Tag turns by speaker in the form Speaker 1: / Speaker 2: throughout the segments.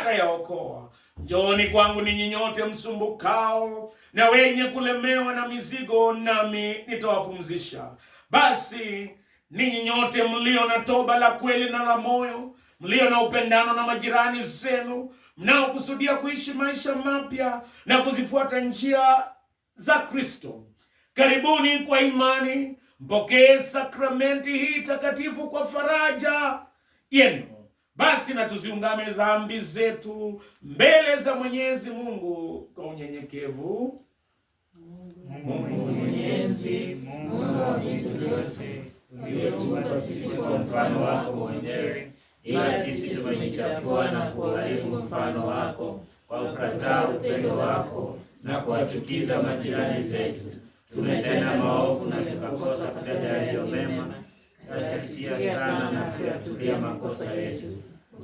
Speaker 1: atakayaokoa. Njooni kwangu ninyi nyote msumbukao na wenye kulemewa na mizigo, nami nitawapumzisha. Basi ninyi nyote mlio na toba la kweli na la moyo, mlio na upendano na majirani zenu, mnaokusudia kuishi maisha mapya na kuzifuata njia za Kristo, karibuni kwa imani, mpokee sakramenti hii takatifu kwa faraja yenu. Basi na tuziungame dhambi zetu mbele za Mwenyezi Mungu kwa unyenyekevu.
Speaker 2: Mungu Mwenyezi, Mungu wa vitu vyote, uliotuumba sisi kwa mfano wako mwenyewe, ila sisi tumejichafua na kuharibu mfano wako kwa kukataa upendo wako na kuwachukiza majirani zetu. Tumetenda maovu na tukakosa kutenda yaliyo mema, tukatatia sana na kuyatubia makosa yetu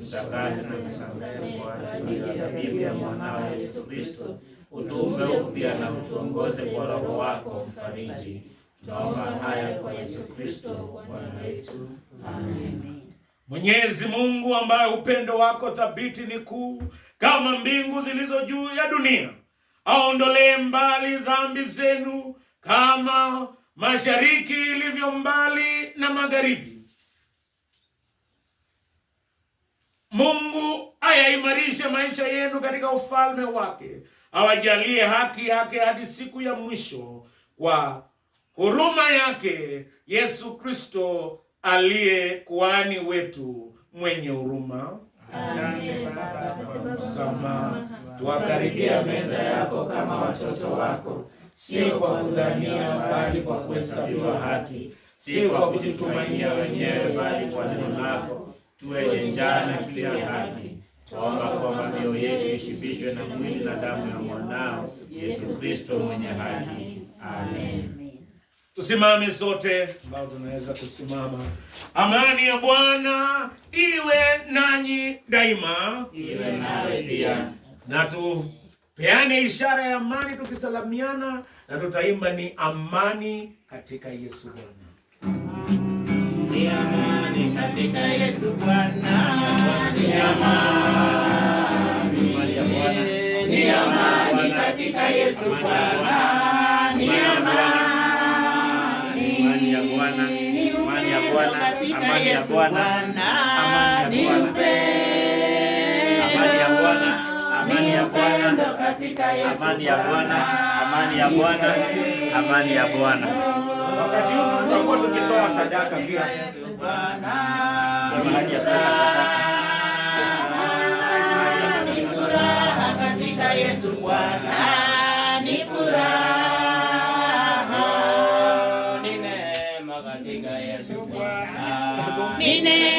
Speaker 2: utakaze na kusamehe kwa ajili ya dhabihu ya mwanao Yesu Kristo, utuumbe upya na utuongoze kwa Roho wako Mfariji. Tunaomba haya kwa Yesu Kristo Bwana wetu,
Speaker 3: amen.
Speaker 1: Mwenyezi Mungu ambaye upendo wako thabiti ni kuu kama mbingu zilizo juu ya dunia, aondolee mbali dhambi zenu kama mashariki ilivyo mbali na magharibi Mungu ayaimarishe maisha yenu katika ufalme wake, awajalie haki yake hadi siku ya mwisho, kwa huruma yake Yesu Kristo aliye kuhani wetu mwenye huruma.
Speaker 2: Asante Baba msamaha. Tuwakaribia meza yako kama watoto wako, si kwa kudhania, bali kwa kuhesabiwa haki, si kwa kujitumainia wenyewe, bali kwa neno lako tuwe njaa na kiu ya haki, twaomba kwamba mioyo yetu ishibishwe na mwili na damu ya mwanao Yesu Kristo mwenye haki. Amen.
Speaker 1: Tusimame sote ambao tunaweza kusimama. Amani ya Bwana iwe nanyi daima,
Speaker 2: iwe nawe pia.
Speaker 1: Na tupeane ishara ya amani tukisalamiana, na tutaimba ni amani katika Yesu Bwana
Speaker 2: katika Yesu Bwana ni amani, ni amani katika Yesu Bwana ni amani,
Speaker 1: ni upendo katika Yesu Bwana ni upendo Amani ya Bwana, amani ya Bwana, amani ya Bwana, amani ya Bwana tutakuwa tukitoa sadaka pia katika
Speaker 2: Yesu Bwana ni furaha, ni neema katika Yesu Bwana ni